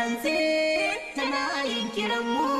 hantsi tana yin mu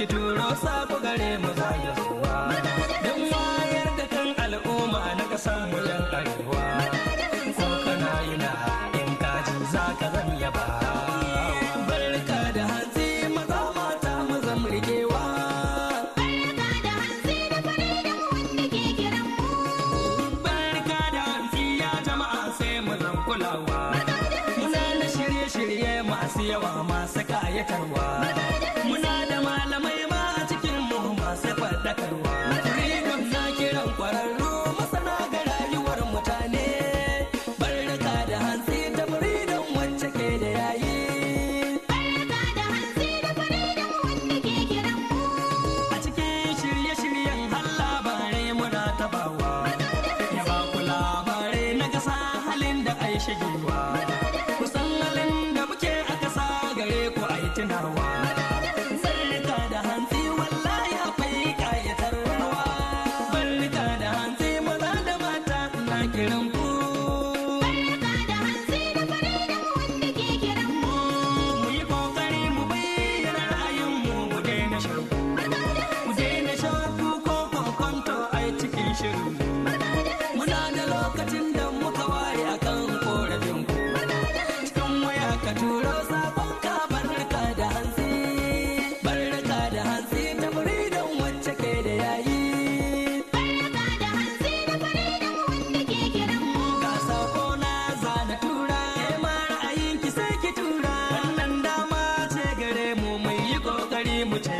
ki turo sabo gare mu ya zuwa don wayar da kan al'umma na kasa mu yan arewa ko kana yana in kaji za ka zan yaba barka da hanzi maza mata mu zan rikewa barka da hanzi ya jama'a sai mu zan kulawa muna na shirye-shirye masu yawa masu kayatarwa shige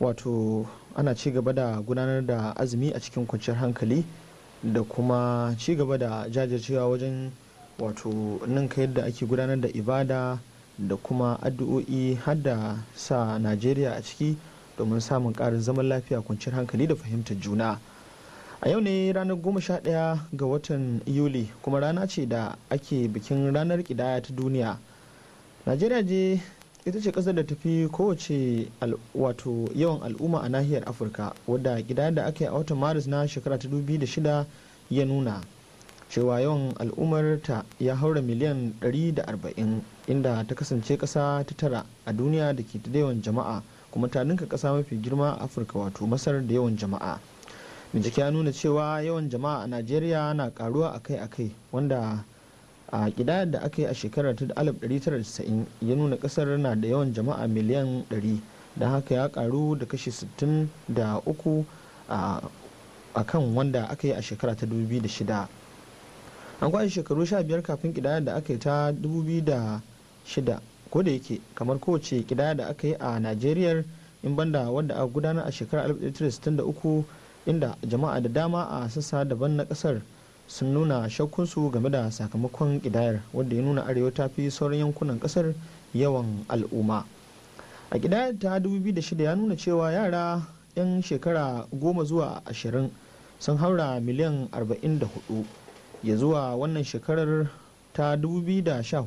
wato ana ci gaba da gudanar da azumi a cikin kwanciyar hankali da kuma ci gaba da jajircewa wajen wato nan ka yadda ake gudanar da ibada da kuma addu'o'i har da sa najeriya a ciki domin samun karin zaman lafiya kwanciyar hankali da fahimtar juna a yau ne ranar 11 ga watan yuli kuma rana ce da ake bikin ranar ƙidaya ta duniya najeriya je ita ce kasar da ta fi kowace wato yawan al'umma a nahiyar afirka wadda gida da aka yi a watan maris na shekara ta dubi da shida ya nuna cewa yawan al'ummarta ta ya haura miliyan 140 inda ta kasance kasa ta tara a duniya da ke da yawan jama'a kuma ta ninka kasa mafi girma a afirka wato masar da yawan jama'a bincike ya nuna cewa yawan jama'a a najeriya na karuwa akai-akai wanda a kidayar da aka yi a shekarar ta 1990 ya nuna kasar na da yawan jama'a miliyan 100 don haka ya karu da kashi 63 a kan wanda aka yi a shekara ta 2006 an kwashe shekaru 15 kafin kidayar da aka yi ta 2006 ko da yake kamar kowace kidaya da aka yi a najeriya in banda wadda a gudanar a shekarar 1963 inda jama'a da dama a sassa daban na kasar sun nuna shakkunsu game da sakamakon kidayar wadda ya nuna arewa ta fi sauran yankunan kasar yawan al'umma a kidayar ta 2006 ya nuna cewa yara 'yan shekara 10 zuwa 20 sun haura miliyan 44 ya zuwa wannan shekarar ta 2014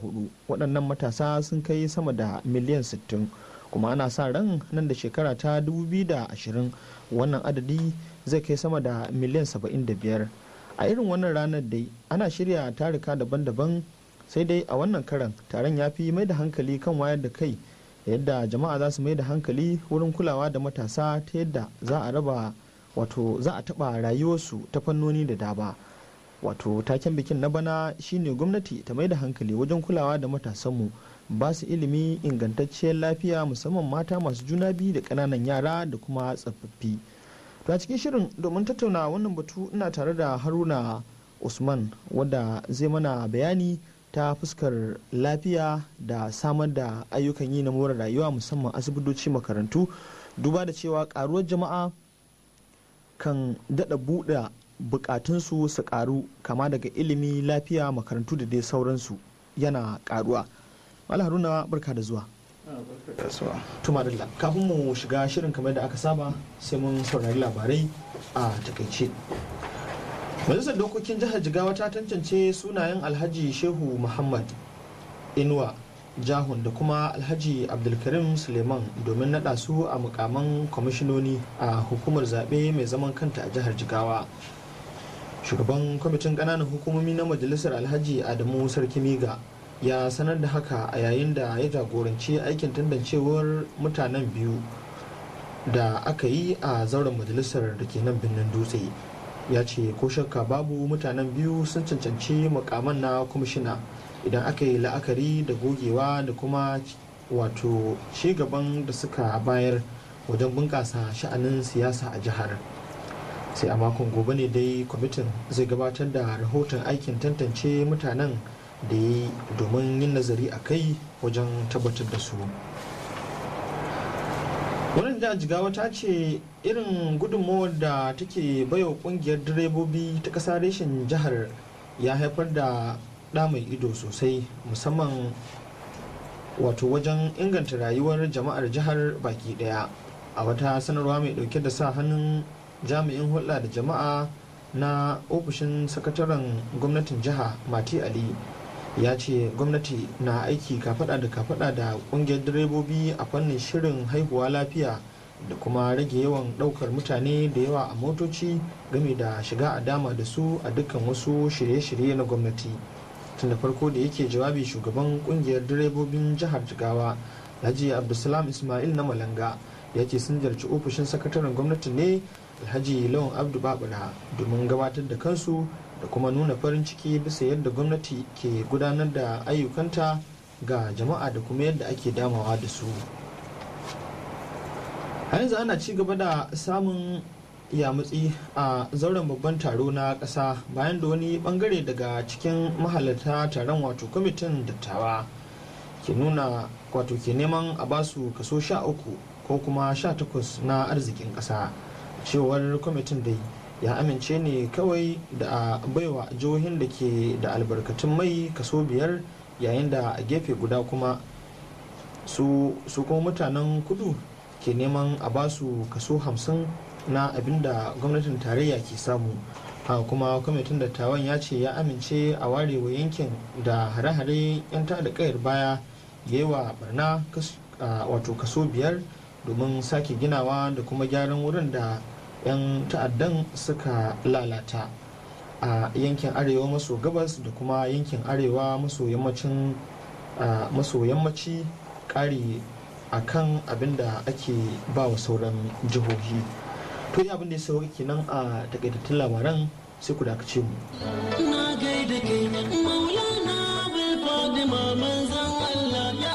waɗannan matasa sun kai sama da miliyan 60 kuma ana sa ran nan da shekara ta 2020 wannan adadi zai kai sama da miliyan 75 a irin wannan ranar dai ana shirya tarika daban-daban sai dai a wannan karan taron ya fi mai da hankali kan wayar da kai yadda jama'a za su mai da hankali wurin kulawa da matasa ta yadda za a raba wato za a taɓa rayuwarsu ta fannoni da daba wato taken bikin na bana shine gwamnati ta mai da hankali wajen kulawa da matasanmu ba su ilimi ingantacciyar lafiya musamman mata masu juna biyu da ƙananan yara da kuma tsofaffi. to a cikin shirin domin tattauna wannan batu ina tare da haruna usman wadda zai mana bayani ta fuskar lafiya da samar da ayyukan yi na more rayuwa musamman asibitoci makarantu duba da cewa karuwar jama'a kan dada buɗe bukatunsu su karu kama daga ilimi lafiya makarantu da dai sauransu yana karuwa haruna barka da zuwa tumarilla kafin mu shiga shirin kamar da aka saba sai mun saurari labarai a takaice majalisar dokokin jihar jigawa ta tantance sunayen alhaji shehu muhammad inuwa jahun da kuma alhaji abdulkarim suleiman domin nada su a mukaman kwamishinoni a hukumar zaɓe mai zaman kanta a jihar jigawa shugaban kwamitin ƙananan hukumomi na majalisar alhaji adamu sarki miga ya sanar da haka a yayin da ya jagoranci aikin tantancewar mutanen biyu da aka yi a zauren majalisar da ke nan birnin dutse ya ce ko shakka babu mutanen biyu sun cancanci mukaman na kwamishina idan aka yi la'akari da gogewa da kuma wato gaban da suka bayar wajen bunƙasa sha'anin siyasa a jihar sai a makon gobe ne dai kwamitin zai gabatar da rahoton aikin tantance mutanen da ya yi domin yin nazari a kai wajen tabbatar da su wannan jihar jigawa ta ce irin gudunmawar da take baiwa kungiyar direbobi ta kasa reshen jihar ya haifar da ɗa mai ido sosai musamman wato wajen inganta rayuwar jama'ar jihar baki daya a wata sanarwa mai dauke da sa hannun jami'in hulɗa da jama'a na ofishin sakataren gwamnatin jiha mati ali ya ce gwamnati na aiki kafada da kafada da kungiyar direbobi a fannin shirin haihuwa lafiya da kuma rage yawan daukar mutane da yawa a motoci game da shiga a dama da su a dukkan wasu shirye-shirye na gwamnati tun da farko da yake jawabi shugaban kungiyar direbobin jihar jigawa alhaji abdulsalam ismail na malanga ya ce sun jarci ofishin sakataren gwamnati ne alhaji lawan abdu babura domin gabatar da kansu da kuma nuna farin ciki bisa yadda gwamnati ke gudanar da ayyukanta ga jama'a da kuma yadda ake damawa da su a yanzu ana ci gaba da samun yamutsi a zauren babban taro na ƙasa bayan da wani bangare daga cikin mahalarta taron wato kwamitin dattawa ke nuna wato ke neman a basu kaso sha uku ko kuma sha takwas na arzikin ƙasa cewar kwamitin dai ya amince ne kawai da a baiwa jihohin da ke da albarkatun mai kaso biyar yayin da a gefe guda kuma su kuma mutanen kudu ke neman a ba su kaso hamsin na abin da gwamnatin tarayya ke samu a kuma kwamitin dattawan ya ce ya amince a warewa yankin da hare-hare 'yan da kayar baya ya yi wa barna wato kaso biyar domin sake ginawa da kuma gyaran wurin da 'yan ta'addan suka lalata a yankin arewa maso gabas da kuma yankin arewa maso yammaci kari a kan abin da ake ba wa sauran jihohi to abin da ya sauri kenan a takaitattun labaran sai ku dakace mu na gaida allah ya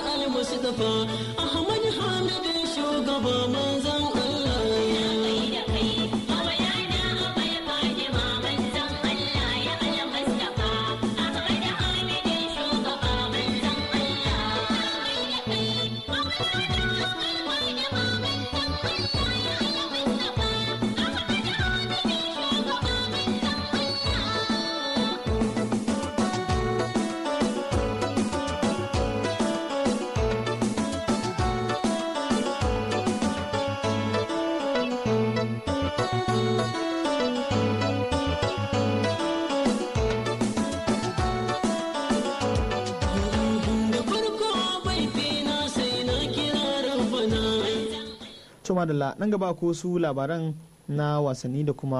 to madalla nan gaba ko su labaran na wasanni da kuma